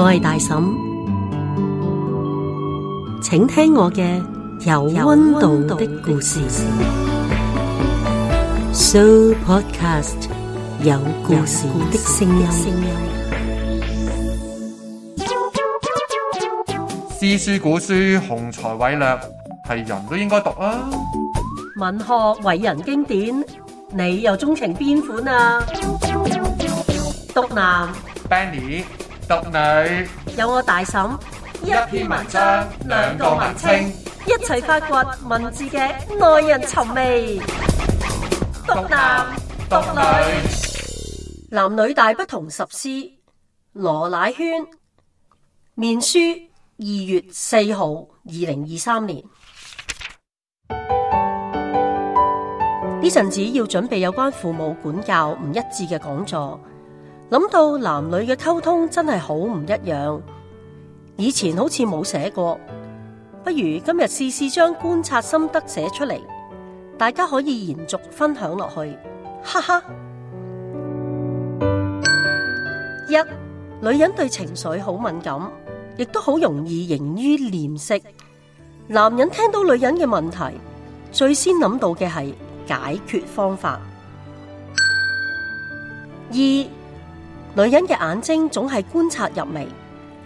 我係大嬸，請聽我嘅有温度的故事。So podcast 有故事的聲音。詩書古書，雄才偉略係人都應該讀啊！文學偉人經典，你又鍾情邊款啊？讀男，Benny。Benny 獨女有我大嬸一篇文章，兩個文稱一齊發掘文字嘅耐人尋味。獨男獨女，男女大不同。十施羅乃萱面書二月四號二零二三年。呢陣子要準備有關父母管教唔一致嘅講座。諗到男女嘅溝通真係好唔一樣，以前好似冇寫過，不如今日試試將觀察心得寫出嚟，大家可以延續分享落去，哈哈。一，女人對情緒好敏感，亦都好容易形於臉色。男人聽到女人嘅問題，最先諗到嘅係解決方法。二。女人嘅眼睛總係觀察入微，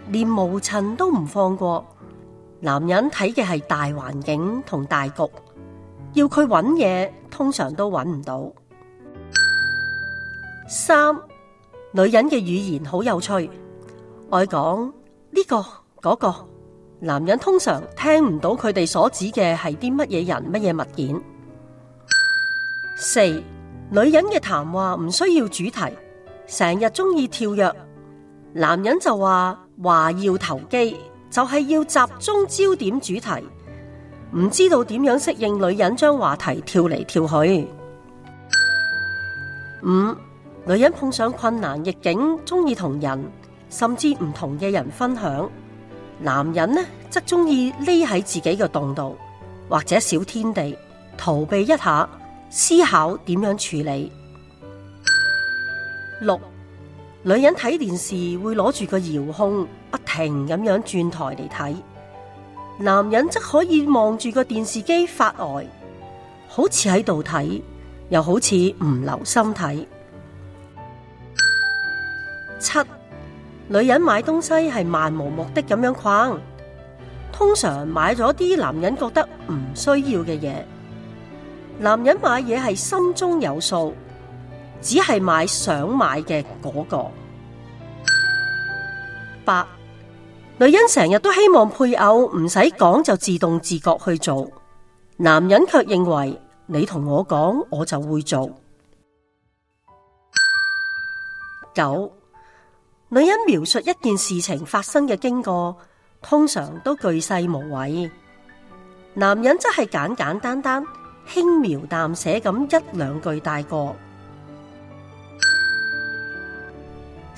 連毛塵都唔放過。男人睇嘅係大環境同大局，要佢揾嘢通常都揾唔到。三，女人嘅語言好有趣，愛講呢個嗰個，男人通常聽唔到佢哋所指嘅係啲乜嘢人乜嘢物件。四，女人嘅談話唔需要主題。成日中意跳躍，男人就話話要投機，就係要集中焦點主題，唔知道點樣適應女人將話題跳嚟跳去。五女人碰上困難逆境，中意同人甚至唔同嘅人分享，男人呢則中意匿喺自己嘅洞度或者小天地，逃避一下，思考點樣處理。六，女人睇電視會攞住個遙控，不停咁樣轉台嚟睇。男人則可以望住個電視機發呆，好似喺度睇，又好似唔留心睇。七，女人買東西係漫無目的咁樣逛，通常買咗啲男人覺得唔需要嘅嘢。男人買嘢係心中有數。只係買想買嘅嗰個。八女人成日都希望配偶唔使講就自動自覺去做，男人卻認為你同我講我就會做。九女人描述一件事情發生嘅經過，通常都巨細無遺，男人則係簡簡單單、輕描淡寫咁一兩句帶過。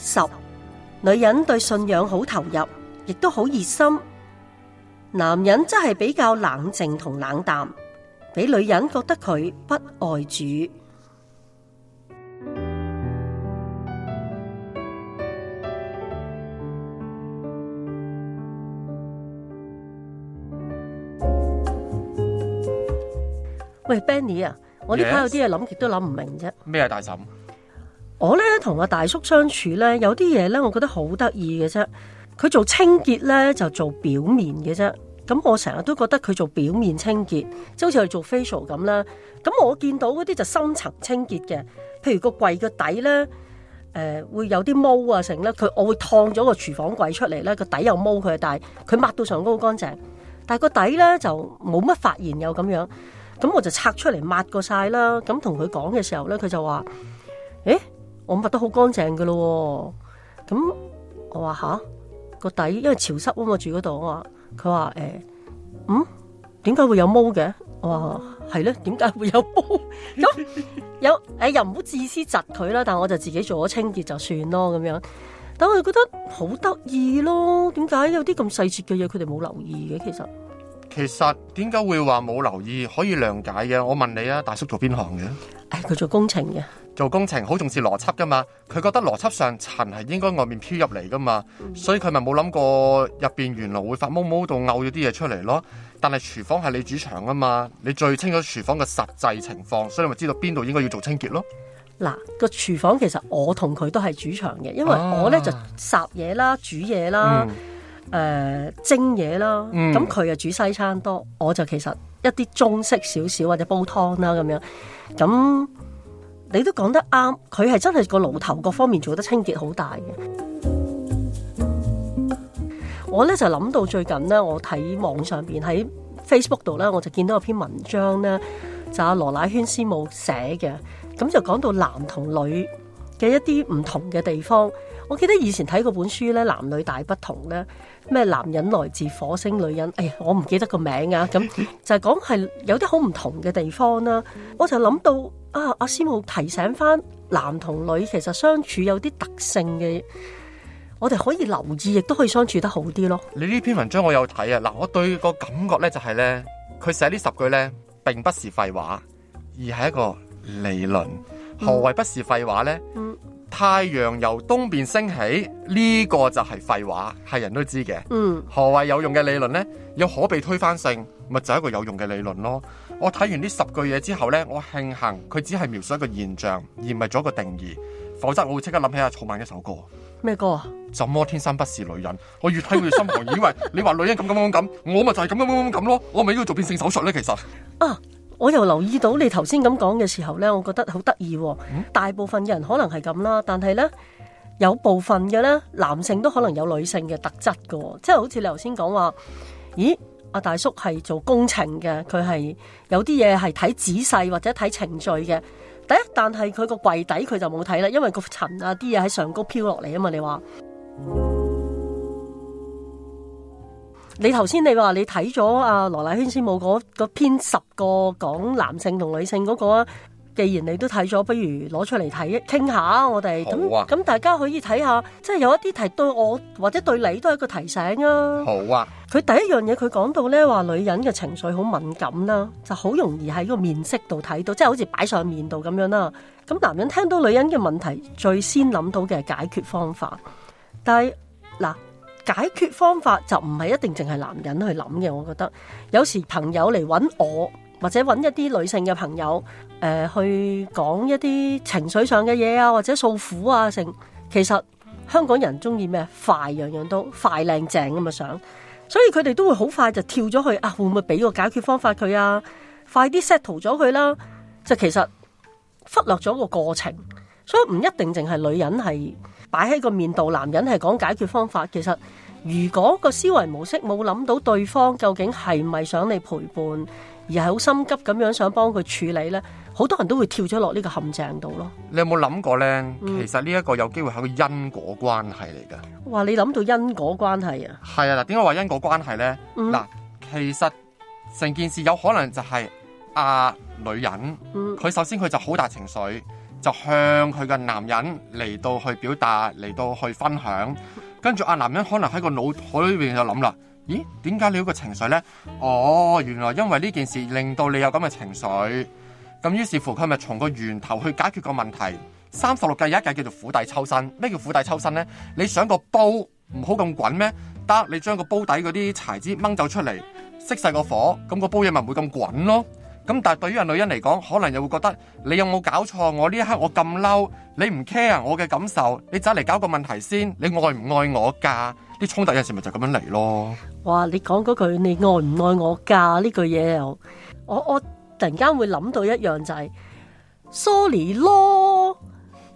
十女人對信仰好投入，亦都好熱心。男人真係比較冷靜同冷淡，俾女人覺得佢不愛主。喂，Benny 啊，我呢排有啲嘢諗，亦都諗唔明啫。咩啊，大嬸？我咧同阿大叔相處咧，有啲嘢咧，我覺得好得意嘅啫。佢做清潔咧就做表面嘅啫，咁我成日都覺得佢做表面清潔，即好似我做 facial 咁啦。咁我見到嗰啲就深層清潔嘅，譬如個櫃嘅底咧，誒、呃、會有啲毛啊成咧，佢我會燙咗個廚房櫃出嚟咧，個底又毛佢，但係佢抹到上高好乾淨，但係個底咧就冇乜發現有咁樣。咁我就拆出嚟抹過晒啦，咁同佢講嘅時候咧，佢就話：，誒、欸。我抹得好乾淨嘅咯，咁、嗯、我話吓個底，因為潮濕啊嘛住嗰度，我話佢話誒，嗯，點解會有毛嘅？我話係咧，點解會有毛？咁 有誒、哎、又唔好自私窒佢啦，但係我就自己做咗清潔就算咯咁樣。但我我覺得好得意咯，點解有啲咁細節嘅嘢佢哋冇留意嘅？其實其實點解會話冇留意可以諒解嘅？我問你啊，大叔做邊行嘅？誒、哎、佢做工程嘅。做工程好重視邏輯噶嘛？佢覺得邏輯上塵係應該外面飄入嚟噶嘛、嗯，所以佢咪冇諗過入邊原來會發毛毛到嘔咗啲嘢出嚟咯。但係廚房係你主場啊嘛，你最清楚廚房嘅實際情況，所以你咪知道邊度應該要做清潔咯。嗱、啊，個廚房其實我同佢都係主場嘅，因為我咧就撒嘢啦、煮嘢啦、嗯呃、蒸嘢啦，咁、嗯、佢就煮西餐多，我就其實一啲中式少少或者煲湯啦咁樣咁。你都講得啱，佢係真係個爐頭各方面做得清潔好大嘅。我咧就諗到最近咧，我睇網上邊喺 Facebook 度咧，我就見到有篇文章咧，就阿、是、羅乃萱師母寫嘅，咁就講到男同女嘅一啲唔同嘅地方。我記得以前睇嗰本書咧，《男女大不同》呢咧，咩男人來自火星，女人，哎呀，我唔記得個名啊，咁就係講係有啲好唔同嘅地方啦。我就諗到。啊！阿師母提醒翻男同女其實相處有啲特性嘅，我哋可以留意，亦都可以相處得好啲咯。你呢篇文章我有睇啊！嗱，我對個感覺咧就係咧，佢寫呢十句咧，並不是廢話，而係一個理論。何謂不是廢話咧，嗯嗯，太陽由東邊升起呢，這個就係廢話，係人都知嘅。嗯，何謂有用嘅理論咧？有可被推翻性，咪就係一個有用嘅理論咯。我睇完呢十句嘢之後咧，我慶幸佢只係描述一個現象，而唔係做一個定義。否則我會即刻諗起阿草蜢一首歌。咩歌啊？就我天生不是女人。我越睇越心寒，以為你話女人咁咁咁咁， 我咪就係咁咁咁咁咯。我咪要做變性手術咧。其實啊，我又留意到你頭先咁講嘅時候咧，我覺得好得意。大部分嘅人可能係咁啦，但係咧有部分嘅咧，男性都可能有女性嘅特質噶，即係好似你頭先講話，咦？阿大叔係做工程嘅，佢係有啲嘢係睇仔細或者睇程序嘅。第一，但係佢個櫃底佢就冇睇啦，因為個塵啊啲嘢喺上高飄落嚟啊嘛。你話， 你頭先你話你睇咗阿羅麗軒先冇嗰篇十個講男性同女性嗰、嗰個啊？既然你都睇咗，不如攞出嚟睇，傾下我哋。好啊！咁大家可以睇下，即係有一啲提對我或者對你都係一個提醒啊。好啊！佢第一樣嘢佢講到咧，話女人嘅情緒好敏感啦、啊，就好容易喺個面色度睇到，即係好似擺上面度咁樣啦、啊。咁男人聽到女人嘅問題，最先諗到嘅係解決方法，但係嗱解決方法就唔係一定淨係男人去諗嘅，我覺得有時朋友嚟揾我。或者揾一啲女性嘅朋友，誒、呃，去講一啲情緒上嘅嘢啊，或者訴苦啊，成其實香港人中意咩快，樣樣都快靚正咁嘅想，所以佢哋都會好快就跳咗去啊，會唔會俾個解決方法佢啊？快啲 set 咗佢啦，即其實忽略咗個過程，所以唔一定淨係女人係擺喺個面度，男人係講解決方法。其實如果個思維模式冇諗到對方究竟係咪想你陪伴？而係好心急咁樣想幫佢處理咧，好多人都會跳咗落呢個陷阱度咯。你有冇諗過咧、嗯？其實呢一個有機會係個因果關係嚟噶。哇！你諗到因果關係啊？係啊！嗱，點解話因果關係咧？嗱、嗯，其實成件事有可能就係、是、阿、啊、女人，佢、嗯、首先佢就好大情緒，就向佢嘅男人嚟到去表達，嚟到去分享，跟住阿男人可能喺個腦海裏邊就諗啦。咦？點解你有個情緒呢？哦，原來因為呢件事令到你有咁嘅情緒。咁於是乎佢咪從個源頭去解決個問題。三十六計有一計叫做釜底抽薪。咩叫釜底抽薪呢？你想個煲唔好咁滾咩？得，你將個煲底嗰啲柴枝掹走出嚟，熄晒個火，咁個煲嘢咪唔會咁滾咯。咁但係對於個女人嚟講，可能又會覺得你有冇搞錯？我呢一刻我咁嬲，你唔 care 我嘅感受？你走嚟搞個問題先，你愛唔愛我噶？啲衝突有時咪就咁樣嚟咯。哇！你講嗰句你愛唔愛我噶呢句嘢又，我我突然間會諗到一樣就係、是、sorry 咯，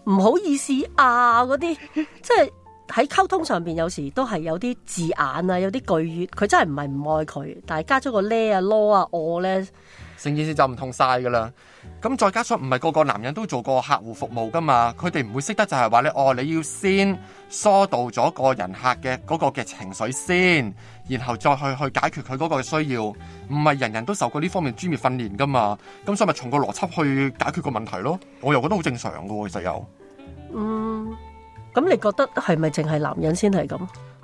唔好意思啊嗰啲，即係喺溝通上邊有時都係有啲字眼啊，有啲句語，佢真係唔係唔愛佢，但係加咗個咧啊、咯啊、我咧。成件事就唔同晒噶啦，咁再加上唔係個個男人都做過客戶服務噶嘛，佢哋唔會識得就係話你哦，你要先疏導咗個人客嘅嗰個嘅情緒先，然後再去去解決佢嗰個嘅需要，唔係人人都受過呢方面專業訓練噶嘛，咁所以咪從個邏輯去解決個問題咯，我又覺得好正常噶其實又，嗯，咁你覺得係咪淨係男人先係咁？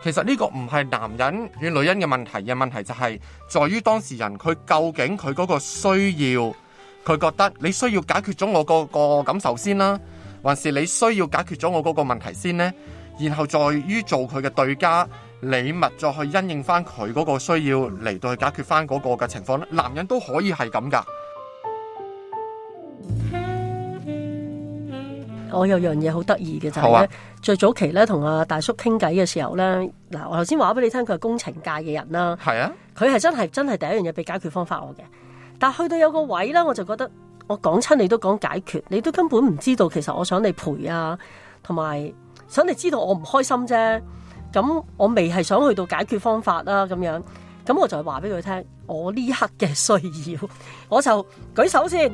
其實呢個唔係男人與女人嘅問題，嘅問題就係在於當事人佢究竟佢嗰個需要，佢覺得你需要解決咗我嗰個感受先啦，啊，還是你需要解決咗我嗰個問題先呢？然後在於做佢嘅對家禮物，再去因應翻佢嗰個需要嚟到去解決翻嗰個嘅情況咧。男人都可以係咁㗎。我有樣嘢，就是，好得意嘅，就係咧，最早期咧，同阿大叔傾偈嘅時候咧，嗱，我頭先話俾你聽佢係工程界嘅人啦，係啊，佢係真係真係第一樣嘢，俾解決方法我嘅。但係去到有個位咧，我就覺得我講親你都講解決，你都根本唔知道其實我想你陪啊，同埋想你知道我唔開心啫。咁我未係想去到解決方法啦，啊，咁樣，咁我就話俾佢聽，我呢一刻嘅需要，我就舉手先，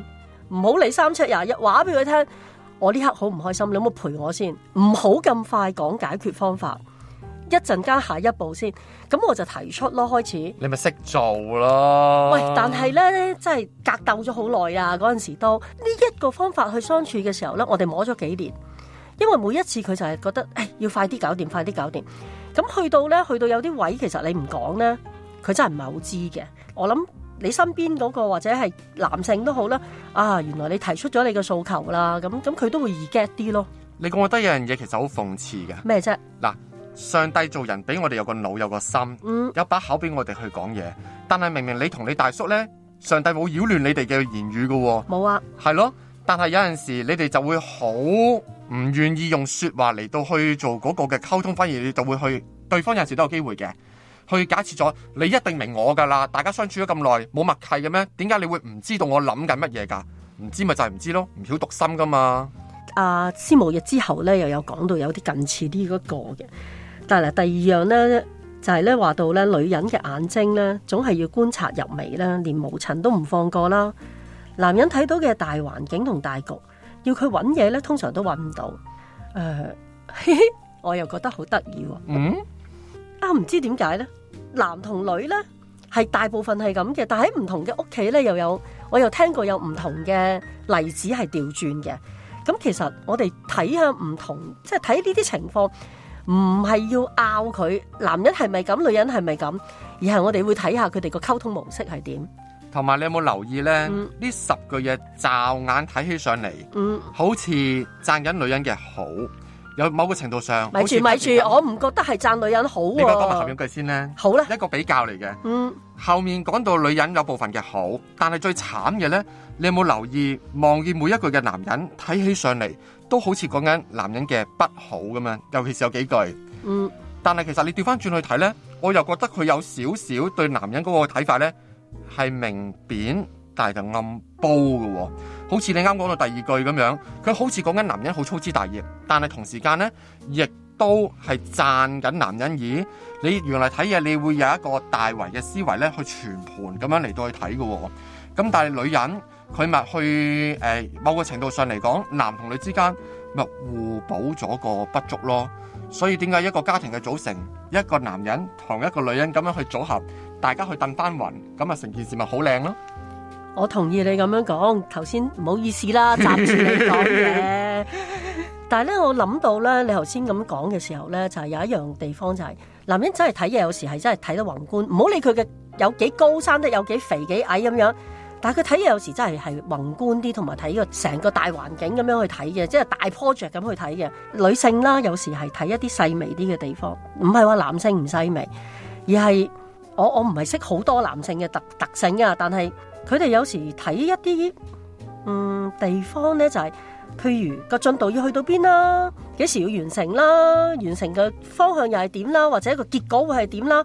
唔好理三七廿一，話俾佢聽。我呢刻好唔開心，你有冇陪我先？唔好咁快講解決方法，一陣間下一步先。咁我就提出咯，開始。你咪識做咯？喂，但係呢，真係格鬥咗好耐啊！嗰陣時都呢一個方法去相處嘅時候呢，我哋摸咗幾年，因為每一次佢就係覺得，誒要快啲搞掂，快啲搞掂。咁去到呢，去到有啲位，其實你唔講呢，佢真係唔係好知嘅。我諗。你身邊嗰、那個或者係男性都好啦，啊，原來你提出咗你嘅訴求啦，咁咁佢都會易、e、get 啲咯。你覺得有樣嘢其實好諷刺嘅。咩啫？嗱，上帝做人俾我哋有個腦，有個心，嗯、有把口俾我哋去講嘢。但係明明你同你大叔咧，上帝冇擾亂你哋嘅言語嘅喎。冇啊。係咯，但係有陣時你哋就會好唔願意用説話嚟到去做嗰個嘅溝通翻，反而你就會去對方有陣時都有機會嘅。去假設咗，你一定明我噶啦，大家相處咗咁耐，冇默契嘅咩？點解你會唔知道我諗緊乜嘢噶？唔知咪就係唔知咯，唔曉讀心噶嘛？啊，師母日之後咧，又有講到有啲近似呢嗰個嘅。但係嚟第二樣咧，就係咧話到咧，女人嘅眼睛咧，總係要觀察入微啦，連毛塵都唔放過啦。男人睇到嘅大環境同大局，要佢揾嘢咧，通常都揾唔到。誒、呃， 我又覺得好得意喎。嗯，啊，唔知點解咧？男同女呢，係大部分係咁嘅，但喺唔同嘅屋企呢，又有，我又聽過有唔同嘅例子係調轉嘅。咁其實我哋睇下唔同，即係睇呢啲情況，唔係要拗佢，男人係咪咁，女人係咪咁，而係我哋會睇下佢哋個溝通模式係點。同埋你有冇留意呢？呢、嗯、十個嘢，驟眼睇起上嚟，好似讚緊女人嘅好。有某個程度上，咪住咪住，我唔覺得係讚女人好啊。你咪講埋後面句先咧，好啦，一個比較嚟嘅。嗯，後面講到女人有部分嘅好，但係最慘嘅咧，你有冇留意望見每一句嘅男人，睇起上嚟都好似講緊男人嘅不好咁樣，尤其是有幾句，嗯，但係其實你調翻轉去睇咧，我又覺得佢有少少對男人嗰個睇法咧係明貶，但係就暗褒嘅㗎喎。好似你啱講到第二句咁樣，佢好似講緊男人好粗枝大葉，但係同時間呢，亦都係讚緊男人。咦？你原來睇嘢你會有一個大圍嘅思維呢，去全盤咁樣嚟到去睇嘅。哦。咁但係女人佢咪去誒，某個程度上嚟講，男同女之間咪互補咗個不足咯。所以點解一個家庭嘅組成，一個男人同一個女人咁樣去組合，大家去燉翻勻，咁啊成件事咪好靚咯？我同意你咁樣講，頭先唔好意思啦，暫住你講嘅。 但係咧，我諗到咧，你頭先咁講嘅時候咧，就係有一樣地方就係，男人真係睇嘢有時係真係睇得宏觀，唔好理佢嘅有幾高，生得有幾肥幾矮咁樣。但係佢睇嘢有時真係係宏觀啲，同埋睇個成個大環境咁樣去睇嘅，即係大 project 咁去睇嘅。女性啦，有時係睇一啲細微啲嘅地方，唔係話男性唔細微，而係我我唔係識好多男性嘅特特性啊，但係。佢哋有時睇一啲嗯地方咧，就係、是、譬如，個進度要去到邊啦，幾時要完成啦，完成嘅方向又係點啦，或者個結果會係點啦，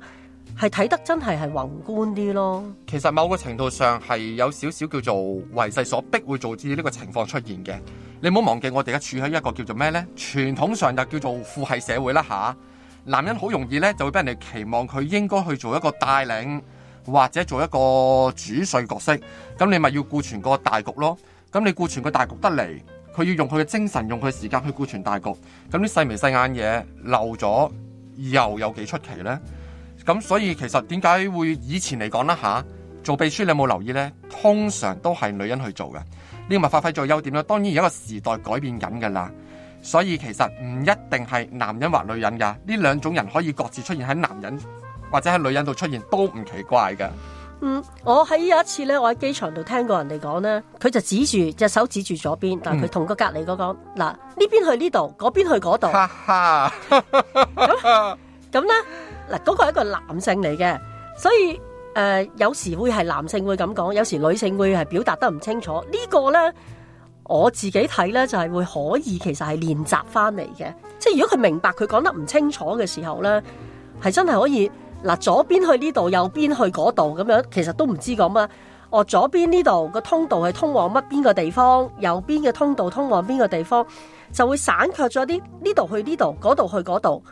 係睇得真係係宏觀啲咯。其實某個程度上係有少少叫做為勢所逼，會導致呢個情況出現嘅。你唔好忘記，我哋而家處喺一個叫做咩咧？傳統上就叫做父系社會啦，吓、啊、男人好容易咧就會俾人哋期望佢應該去做一個帶領。或者做一個主帥角色，咁你咪要顧全個大局咯。咁你顧全個大局得嚟，佢要用佢嘅精神，用佢時間去顧全大局。咁啲細眉細眼嘢漏咗，又有幾出奇呢？咁所以其實點解會以前嚟講啦吓，做秘書你有冇留意呢？通常都係女人去做嘅，呢個咪發揮咗優點咯。當然而家個時代改變緊噶啦，所以其實唔一定係男人或女人噶，呢兩種人可以各自出現喺男人。或者喺女人度出現都唔奇怪噶。嗯，我喺有一次咧，我喺機場度聽過人哋講咧，佢就指住隻手指住左邊，但係佢同個隔籬嗰個嗱呢邊去呢度，嗰邊去嗰度。咁咁咧嗱，嗰個係一個男性嚟嘅，所以誒、呃、有時會係男性會咁講，有時女性會係表達得唔清楚。呢個咧我自己睇咧就係會可以，其實係練習翻嚟嘅。即係如果佢明白佢講得唔清楚嘅時候咧，係真係可以。嗱，左邊去呢度，右邊去嗰度，咁樣其實都唔知講啊。哦，左邊呢度個通道係通往乜邊個地方，右邊嘅通道通往邊個地方，就會省卻咗啲呢度去呢度，嗰度去嗰度。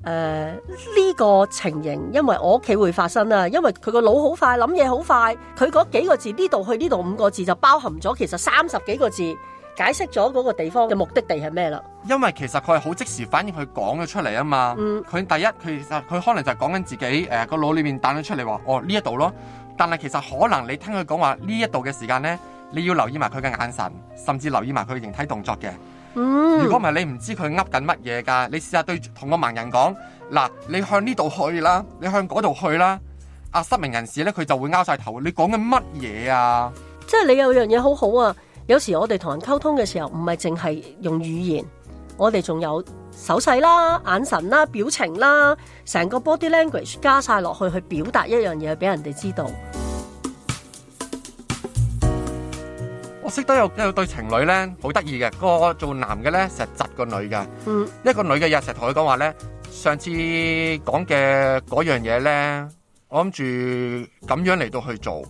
誒、呃，呢、這個情形，因為我屋企會發生啦，因為佢個腦好快，諗嘢好快，佢嗰幾個字，呢度去呢度五個字就包含咗其實三十幾個字。解釋咗嗰個地方嘅目的地係咩啦？因為其實佢係好即時反應，佢講咗出嚟啊嘛。佢、嗯、第一，其實佢可能就講緊自己誒，個腦裏面彈咗出嚟話哦，呢一度咯。但係其實可能你聽佢講話呢一度嘅時間咧，你要留意埋佢嘅眼神，甚至留意埋佢嘅形體動作嘅。嗯，如果唔係你唔知佢噏緊乜嘢噶，你試下對同個盲人講嗱，你向呢度去啦，你向嗰度去啦。阿失明人士咧，佢就會拗晒頭，你講緊乜嘢啊？即係你有樣嘢好好啊！有時我哋同人溝通嘅時候，唔係淨係用語言，我哋仲有手勢啦、眼神啦、表情啦，成個 body language 加晒落去去表達一樣嘢俾人哋知道。我識得有有一對情侶咧，好得意嘅，個做男嘅咧成日窒個女嘅，呢、嗯、個女嘅日成日同佢講話咧，上次講嘅嗰樣嘢咧，我諗住咁樣嚟到去做。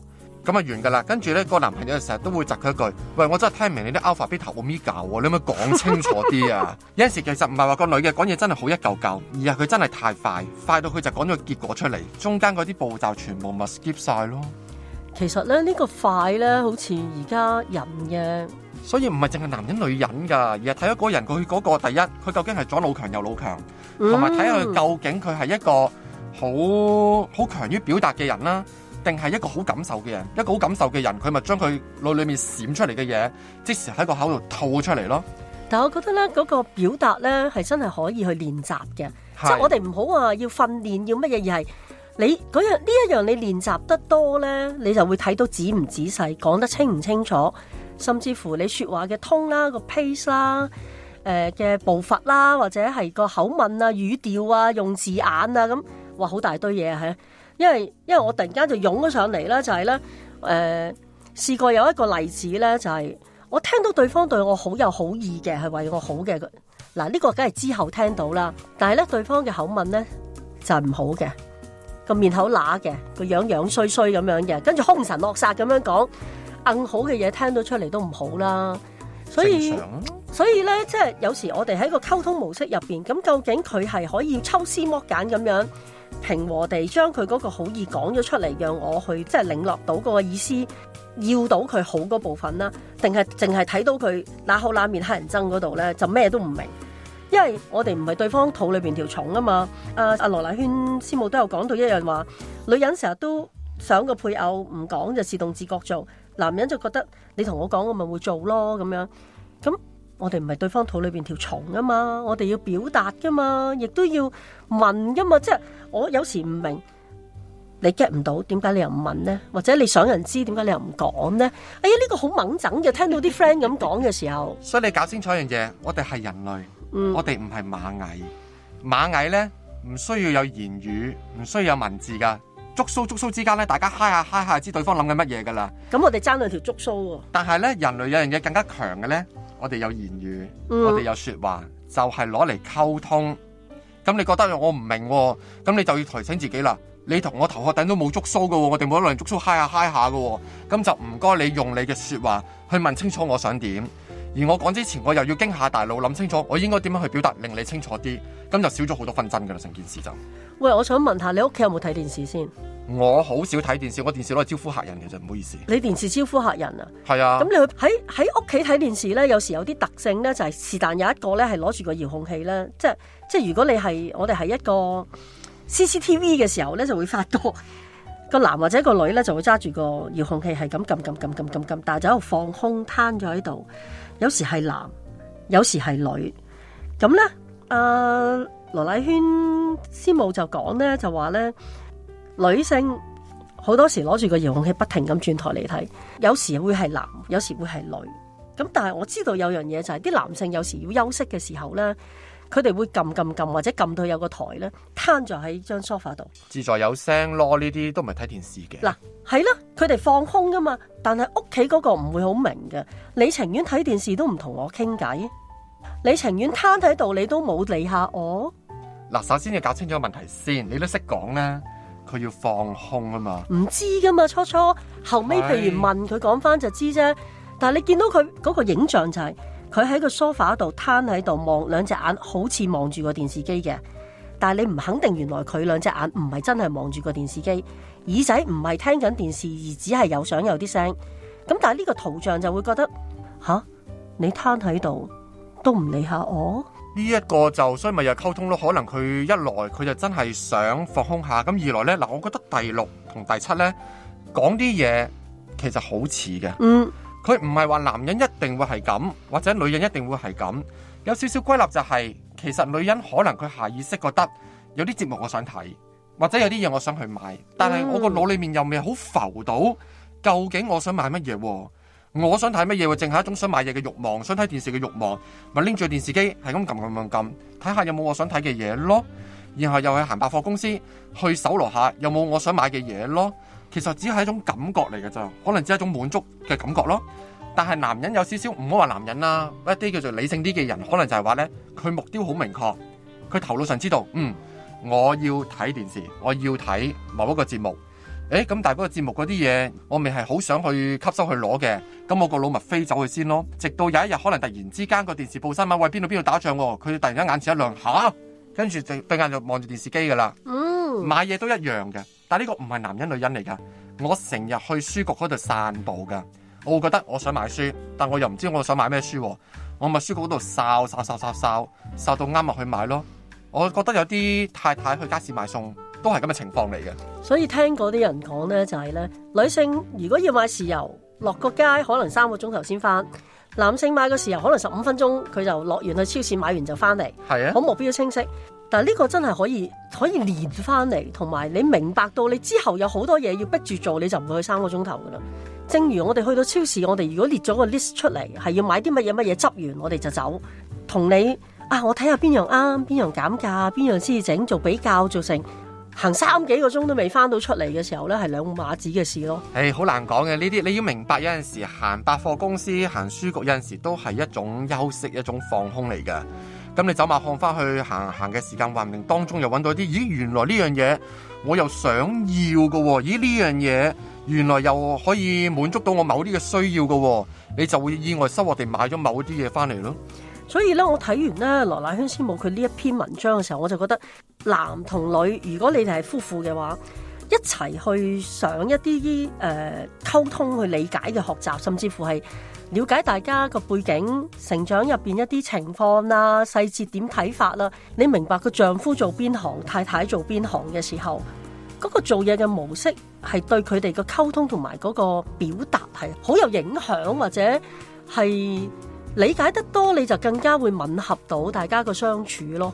咁就完噶啦，跟住咧個男朋友就成日都會窒佢一句，喂，我真係聽唔明你啲 alpha beta omega 你可唔可以講清楚啲啊？ 有陣時其實唔係話個女嘅講嘢真係好一嚿嚿，而係佢真係太快，快到佢就講咗結果出嚟，中間嗰啲步驟全部咪 s k i p 晒咯。其實咧呢、這個快咧，好似而家人嘅，所以唔係淨係男人女人噶，而係睇咗嗰人佢嗰、那個、那個、第一，佢究竟係左腦強右腦強，同埋睇下佢究竟佢係一個好好強於表達嘅人啦。定係一個好感受嘅人，一個好感受嘅人，佢咪將佢腦裏面閃出嚟嘅嘢，即時喺個口度吐出嚟咯。但我覺得呢嗰、嗰個表達呢，係真係可以去練習嘅，即係我哋唔好話要訓練要乜嘢，而係你樣呢一樣你練習得多呢，你就會睇到仔唔仔細，講得清唔清楚，甚至乎你說話嘅通啦個 pace 啦、呃，誒嘅步伐啦，或者係個口吻啊語調啊用字眼啊咁，哇好大堆嘢啊因為因為我突然間就湧咗上嚟啦，就係咧，誒試過有一個例子咧，就係我聽到對方對我好有好意嘅，係為我好嘅。嗱，呢個梗係之後聽到啦，但係咧對方嘅口吻咧就係唔好嘅，個面口乸嘅，個樣樣衰衰咁樣嘅，跟住凶神惡煞咁樣講，硬好嘅嘢聽到出嚟都唔好啦，所以。所以咧，即係有時我哋喺個溝通模式入邊，咁究竟佢係可以抽絲剝繭咁樣平和地將佢嗰個好意講咗出嚟，讓我去即係領略到嗰個意思，要到佢好嗰部分啦，定係淨係睇到佢嗱口嗱面黑人憎嗰度咧，就咩都唔明。因為我哋唔係對方肚裏邊條蟲啊嘛。阿阿羅蘭軒師母都有講到一樣話，女人成日都想個配偶唔講就自動自覺做，男人就覺得你同我講，我咪會做咯咁樣咁。我哋唔係對方肚裏邊條蟲啊嘛，我哋要表達噶嘛，亦都要問噶嘛，即係我有時唔明，你 get 唔到，點解你又唔問呢？或者你想人知，點解你又唔講呢？哎呀，呢、呢個好懵整嘅，聽到啲 friend 咁講嘅時候， 所以你搞清楚一樣嘢，我哋係人類，嗯、我哋唔係螞蟻，螞蟻咧唔需要有言語，唔需要有文字噶，觸鬚觸鬚之間咧，大家嗨下嗨下知對方諗緊乜嘢噶啦。咁我哋爭兩條觸鬚喎，但係咧人類有樣嘢更加強嘅咧。我哋有言語，我哋有說話，嗯、就係攞嚟溝通。咁你覺得我唔明，哦，咁你就要提醒自己啦。你同我頭殼頂都冇觸鬚噶，哦，我哋冇得輪流觸鬚 high 下 high 下噶。咁，啊哦，就唔該你用你嘅說話去問清楚我想點。而我講之前，我又要經下大腦諗清楚，我應該點樣去表達令你清楚啲。咁就少咗好多紛爭噶啦，成件事就。喂，我想問下你屋企有冇睇電視先？我好少睇電視，我電視攞嚟招呼客人嘅啫，唔好意思。你電視招呼客人啊？係啊。咁你去喺喺屋企睇電視咧，有時有啲特性咧，就係是但有一個咧係攞住個遙控器咧，即係即係如果你係我哋係一個 CCTV 嘅時候咧，就會發覺個男或者個女咧就會揸住個遙控器係咁撳撳撳撳撳撳，但係就喺度放空攤咗喺度。有時係男，有時係女。咁咧，阿、呃、羅禮軒師母就講咧，就話咧。女性好多時攞住個遙控器不停咁轉台嚟睇，有時會係男，有時會係女。咁但係我知道有樣嘢就係、是、啲男性有時要休息嘅時候咧，佢哋會撳撳撳，或者撳到有個台咧，攤咗喺張梳化度。自在有聲咯，呢啲都唔係睇電視嘅。嗱，係咯，佢哋放空噶嘛。但係屋企嗰個唔會好明噶，你情願睇電視都唔同我傾偈，你情願攤喺度你都冇理下我。嗱，首先要搞清楚問題先，你都識講啦。佢要放空啊嘛，唔知㗎嘛，初初，後尾，譬如問佢講返就知啫。但係你見到佢嗰個影像就係佢喺個梳化度攤喺度望兩隻眼，好似望住個電視機嘅。但係你唔肯定原來佢兩隻眼唔係真係望住個電視機，耳仔唔係聽緊電視而只係有相有啲聲。咁但係呢個圖像就會覺得吓、啊？你攤喺度都唔理下我。呢一個就所以咪又溝通咯，可能佢一來佢就真係想放空下，咁二來呢，嗱，我覺得第六同第七呢，講啲嘢其實好似嘅，嗯，佢唔係話男人一定會係咁，或者女人一定會係咁，有少少歸納就係，其實女人可能佢下意識覺得有啲節目我想睇，或者有啲嘢我想去買，但係我個腦裡面又未好浮到究竟我想買乜嘢喎。我想睇乜嘢？淨係一種想買嘢嘅慾望，想睇電視嘅慾望，咪拎住電視機係咁撳撳撳撳，睇下有冇我想睇嘅嘢咯。然後又去行百貨公司，去搜羅下有冇我想買嘅嘢咯。其實只係一種感覺嚟嘅咋，可能只係一種滿足嘅感覺咯。但係男人有少少，唔好話男人啦，一啲叫做理性啲嘅人，可能就係話呢：「佢目標好明確，佢頭腦上知道，嗯，我要睇電視，我要睇某一個節目。」誒，咁大係個節目嗰啲嘢，我咪係好想去吸收去攞嘅，咁我個腦咪飛走去先咯。直到有一日可能突然之間個電視報新聞，喂邊度邊度打仗、喎，佢突然間眼前一亮，吓，跟住就對眼就望住電視機噶啦。嗯，買嘢都一樣嘅，但係呢個唔係男人女人嚟噶，我成日去書局嗰度散步噶，我會覺得我想買書，但我又唔知我想買咩書、喎，我咪書局嗰度哨，哨，哨,哨，哨,哨，哨到啱咪去買咯。我覺得有啲太太去街市買餸。都係咁嘅情況嚟嘅，所以聽嗰啲人講呢，就係呢：「女性如果要買豉油，落個街可能三個鐘頭先翻；男性買個豉油可能十五分鐘佢就落完去超市買完就翻嚟，係啊，好目標清晰。但係呢個真係可以可以連翻嚟，同埋你明白到你之後有好多嘢要逼住做，你就唔會去三個鐘頭噶啦。正如我哋去到超市，我哋如果列咗個 list 出嚟，係要買啲乜嘢乜嘢，執完我哋就走。同你啊，我睇下邊樣啱，邊樣減價，邊樣先至整做比較做成。行三幾個鐘都未翻到出嚟嘅時候呢，係兩碼子嘅事咯。誒、hey，好難講嘅呢啲，你要明白有陣時行百貨公司，行書局，有陣時都係一種休息，一種放空嚟嘅。咁你走馬看返去行行嘅時間，話唔定當中又搵到一啲，咦，原來呢樣嘢我又想要嘅，咦，呢樣嘢原來又可以滿足到我某啲嘅需要嘅，你就會意外收穫地買咗某啲嘢翻嚟咯。所以咧，我睇完咧羅乃香師母佢呢一篇文章嘅時候，我就覺得男同女，如果你哋係夫婦嘅話，一齊去上一啲啲誒溝通去理解嘅學習，甚至乎係了解大家個背景、成長入邊一啲情況啦、細節點睇法啦，你明白個丈夫做邊行，太太做邊行嘅時候，嗰、那個做嘢嘅模式係對佢哋個溝通同埋嗰個表達係好有影響，或者係。理解得多你就更加會吻合到大家嘅相處咯。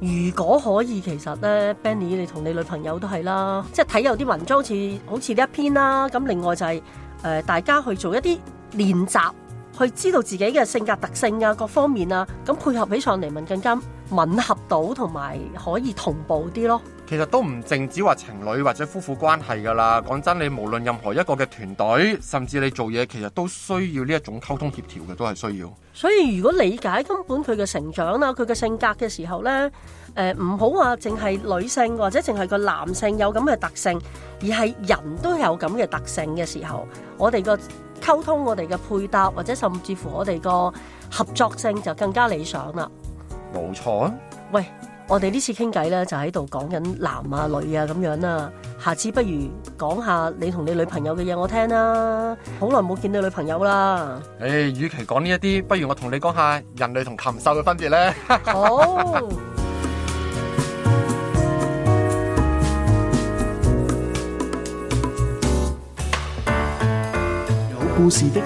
如果可以，其實呢 Benny 你同你女朋友都係啦，即係睇有啲文章好似好似呢一篇啦、啊。咁另外就係、是呃、大家去做一啲練習，去知道自己嘅性格特性啊、各方面啊，咁配合起上嚟，咪更加吻合到同埋可以同步啲咯。其實都唔淨止話情侶或者夫婦關係噶啦，講真，你無論任何一個嘅團隊，甚至你做嘢，其實都需要呢一種溝通協調嘅，都係需要。所以如果理解根本佢嘅成長啦，佢嘅性格嘅時候呢，誒唔好話淨係女性或者淨係個男性有咁嘅特性，而係人都有咁嘅特性嘅時候，我哋個溝通，我哋嘅配搭或者甚至乎我哋個合作性就更加理想啦。冇錯啊！喂。我哋呢次傾偈咧，就喺度講緊男啊、女啊咁樣啦，啊。下次不如講下你同你女朋友嘅嘢我聽啦。好耐冇見你女朋友啦。誒、哎，與其講呢一啲，不如我同你講下人類同禽獸嘅分別咧。好。 有故事的。